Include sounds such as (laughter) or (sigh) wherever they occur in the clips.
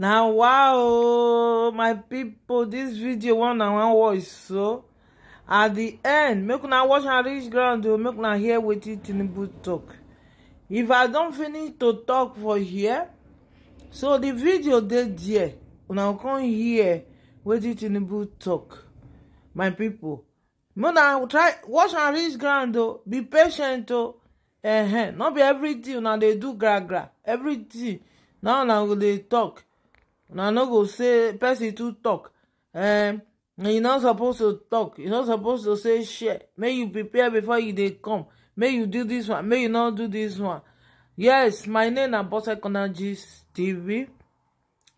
Now, wow my people, this video one and one watch so at the end make una watch and reach ground do oh, make una hear with wetin tinubu talk. if i don't finish to talk for here so the video dey there una come here hear wetin tinubu talk, my people. Now try watch and reach ground o oh, be patient o oh, eh eh no be everything now they do gra gra everything na now go dey tok una no go say person to talk um, you not supposed to talk you not supposed to say shit May you prepare before you they come May you do this one May you not do this one yes my name na bosekonagist tv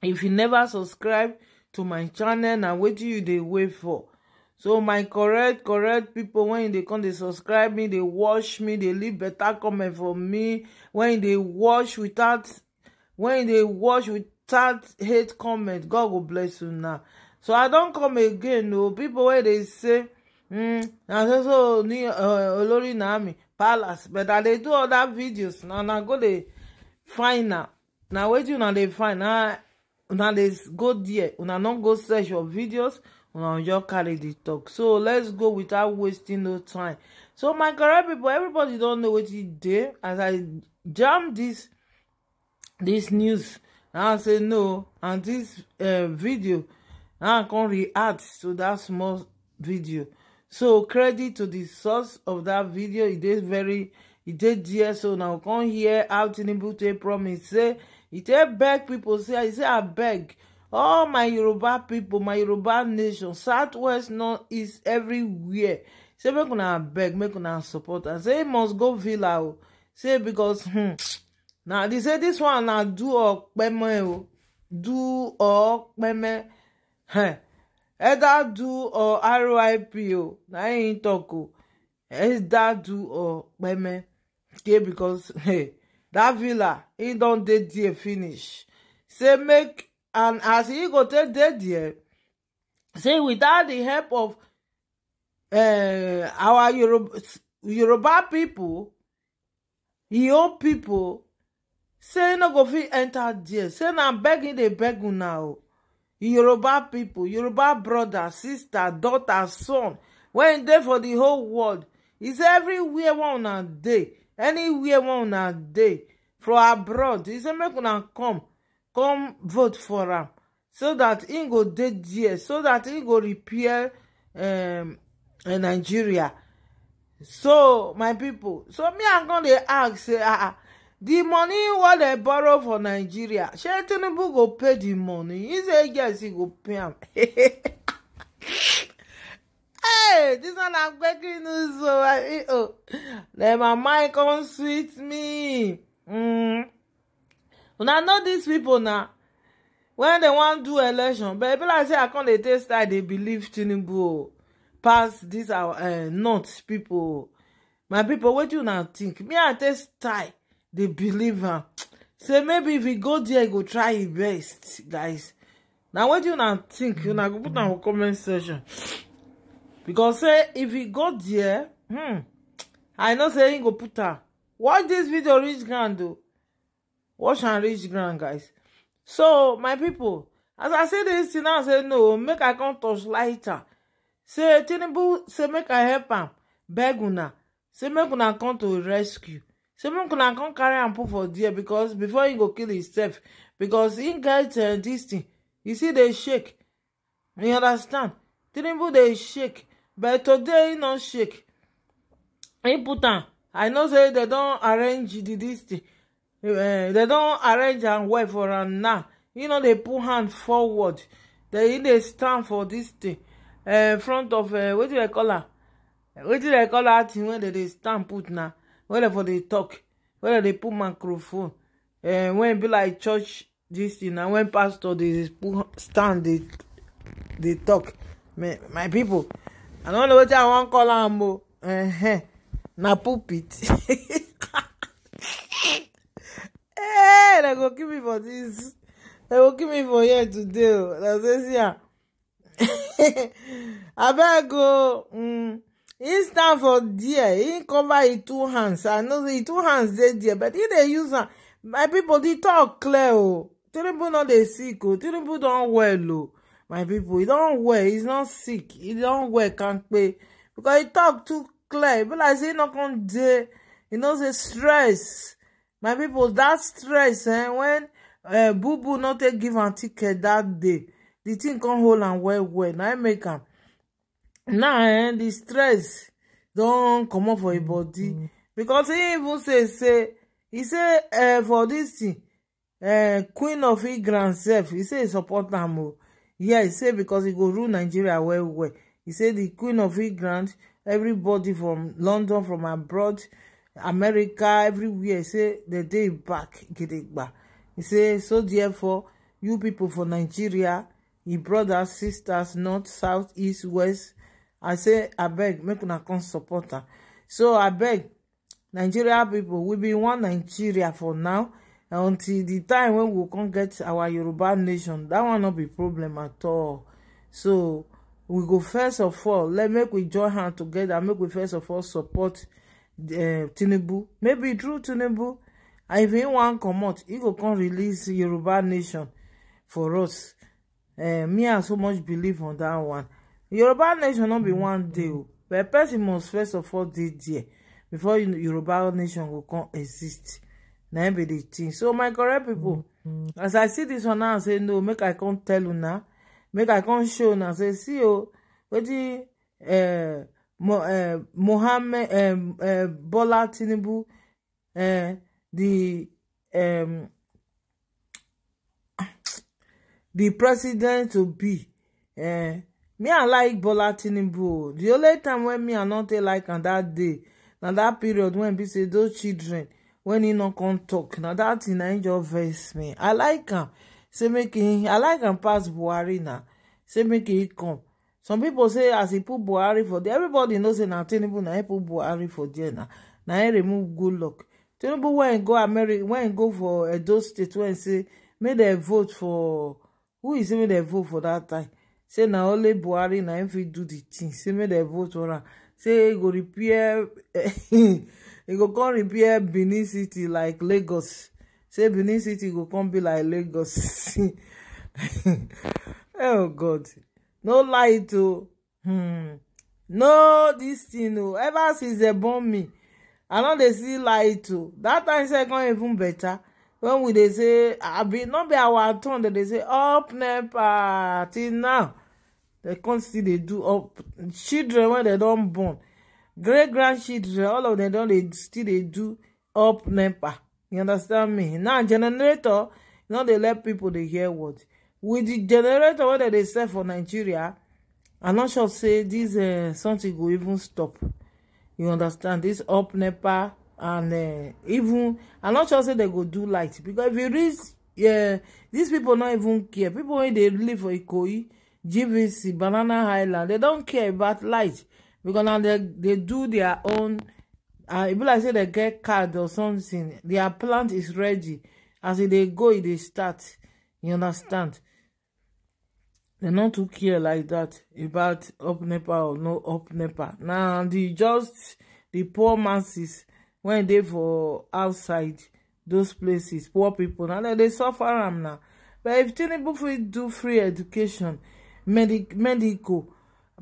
if you never subscribe to my channel what do you they wait for so my correct correct people when they come they subscribe me They watch me They leave better comment for me When they watch without When they watch with start hate comment god go bless you now so i don come again o people, wey dey say hmm na so so ni eh, olori na army palace but i dey do other videos na na go dey find na na wetin una dey find na una dey go there una no go search your videos una just carry the talk so let's go without wasting no time so my correct people, everybody don know wetin dey as i jam this, this news now i say no and dis eh, video i con react to that small video so credit to the source of that video It is very it is dear so now come here, out in take promise say e take beg people. say I say i beg all my yoruba people, my yoruba nation southwest north east everywhere say make una beg make una support am say e must go villa say because. hmm Now they say this one na do or okpeme o do or okpeme eh either do or rip o na him tok o either do or okpeme okay because hey dat villa he don't dey there finish say make and as he go take dey there say without the help of uh, our yoruba pipo e own pipo say no go fit enter there say na begging dey beg una o yoruba pipo yoruba brother, sister daughter son wey dey for di whole world e say everywhere one una dey anywhere one una dey from abroad e say make una come come vote for am so dat im go dey there so dat im go repair um, eh, nigeria so my pipo so me i con dey ask say ah, ah The money wey dem borrow for nigeria shey tinubu go pay the money He say yes he go pay am (laughs) hey dis one na gbegiri news o dem mind come sweet me mm. know dis pipo na wen dem wan do election but e be like say i come dey take style dey believe tinubu oh. pass dis our eh, north oh. pipo my pipo wetin una think me i take style The believer say maybe if e go there e go try e best guys Now what do you now think You now go put am for comment section because say if e go there hmm i know say him go put am watch this video reach ground o watch and reach ground guys so my people, as i say this, you now say no make i come touch lighter say tinubu say make i help am Beguna. say make una come to rescue semunkuna come carry and put for dear because before he go kill himself because he get uh, this thing you see they shake you understand tinubu they shake but today he not shake e put am i know say dem don arrange di dis thing They don't arrange eh, and wait for am now You know they put hand forward They they stand for this thing in eh, front of eh, What wetin dem call her? What wetin dem call dat thing when they dey stand put now? Whatever they talk whether they put microphone and eh, when be like church this thing and when pastor dey stand they they talk my people, i don't know wetin i want call am Eh, -huh. Eh, na pulpit (laughs) eh they go kill me for this. They go kill me for here today oh. o dem say see am abeg (laughs) o oh, mm him stand for there him cover him two hands i know say him two hands dey there but he dey use am my people. di talk clear o oh. tinubu no dey sick o oh. tinubu don well o oh. my people, he don well e not sick He don well kampe because he talk too clear be like say e no come dey He know say stress my people, that stress eh wen eh, bubu no take give am ticket that day The thing come hold am well well na im make am now eh, the stress don't come comot for him mm-hmm. body because he even say say e say uh, for this thing uh, queen of England sef he say e support am o yeah he say because he go rule nigeria well well He say the queen of England everybody from london from abroad america everywhere say the day back get it back. He say so therefore you people for nigeria e brothers sisters north south east west i say I beg, make una come support her. so I beg, nigeria people, we be one nigeria for now until the time when we come get our yoruba nation That one not be problem at all so we go first of all let make we join hand together, make we first of all support eh, tinubu maybe through tinubu and if he wan comot e go come release yoruba nation for us eh, me i so much believe on that one yoruba nation not be one day o but person must first of all dey there before yoruba nation go come exist na im be the thing so my correct people, mm-hmm. as i see this one now say no make i can't tell you now. make i can't show now. say see what the uh o uh mohammed eh, bola tinubu um the president to be uh me i like bola tinubu the only time when me i no take like am that day na that period when be say those children when he no come talk na that thing na im just vex me i like am say make him i like am pass buhari na say make him come some people say as he put buhari for there everybody know say na tinubu na him put buhari for there na na he remove good goodluck tinubu wen go america wen go for edo state wen say make dem vote for who e say make dem vote for that time say na only buhari na im fit do the thing. say make dem vote for am say e go repair (laughs) e go come repair benin city like lagos say benin city go come be like lagos (laughs) oh god no lie to hmm no this thing o oh. ever since dem born me i no dey see light o dat time sef come even better. When we dey say abi no be our turn dem dey say up nepa till now They come still they do up children wey dem don born great grandchildren all of dem don still they do up nepa you understand me now generator you no dey let people they hear what with di generator wey they dey sell for nigeria I'm not sure say dis uh, something will even stop you understand this up nepa and uh, even I'm not sure say they go do light because if you yeah these people not even care people wey dey live for ikoyi GVC, Banana Island. They don't care about light because now they, they do their own. Uh, if like say they get card or something, their plant is ready. As they go, they start. You understand? They not too care like that about up NEPA or no up NEPA. Now, the just the poor masses, when they for outside those places, poor people, now they, suffer them now. But if Tinubu fit do free education, medical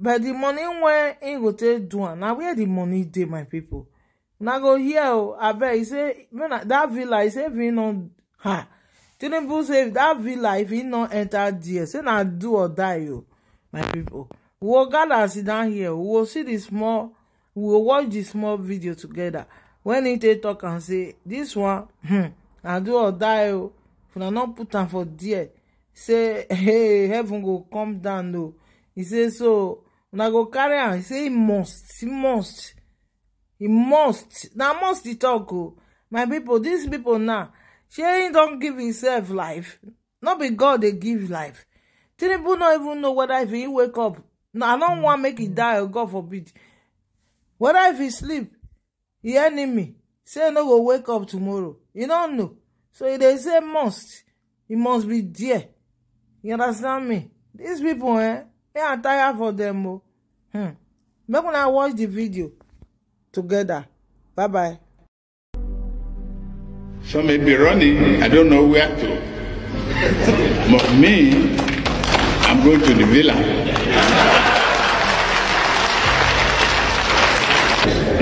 but the money wey him go take do am now where the money dey my people. Now go here, oh, I bet he say dat villa e say if e no ha tinubu say that villa if e no enter there say now do or die o oh, my people. we go gather sit down here we will see the small we will watch the small video together. When he take talk and say this one hmm I do or die o oh. if una not put am for there say hey heaven go come down o he say so una go carry am He say he must he must he must na must he talk? o oh. my people, these people now shey im don give himself life no be god dey give life tinubu no even know whether if he wake up na i don wan make e die or oh, god forbid Whether if he sleep he enemy say no go wake up tomorrow e don know so e dey say must He must be there you understand me These people, eh They are tired for them, o oh. hmm make una watch the video together bye bye some may be running i don't know where to (laughs) but me i'm going to the villa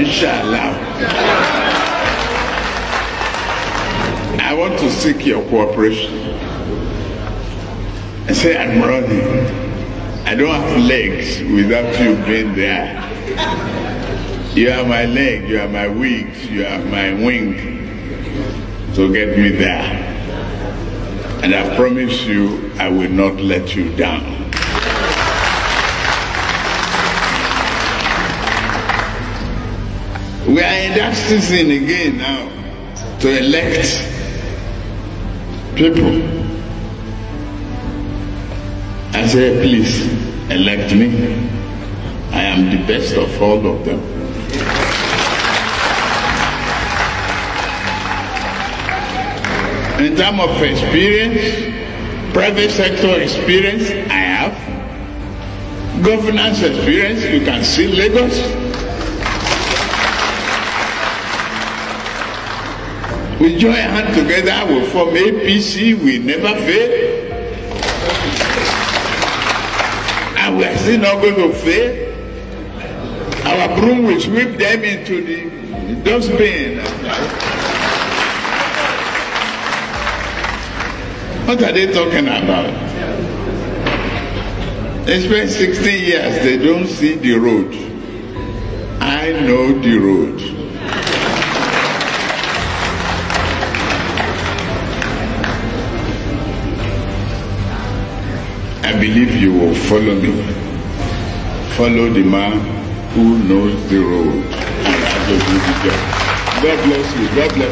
inshallah i want to seek your cooperation I say I'm running. I don't have legs without you being there. You are my leg, you are my wings, you are my wing to get me there. And I promise you, I will not let you down. We are in that season again now to elect people. I said, please elect me. I am the best of all of them. In terms of experience, private sector experience, I have. Governance experience, you can see Lagos. We join hands together, we form APC, we never fail. We are he not going to fail? Our broom will sweep them into the dustbin. What are they talking about? They spent 16 years, they don't see the road. I know the road. believe you will follow me. Follow the man who knows the road. God bless you. God bless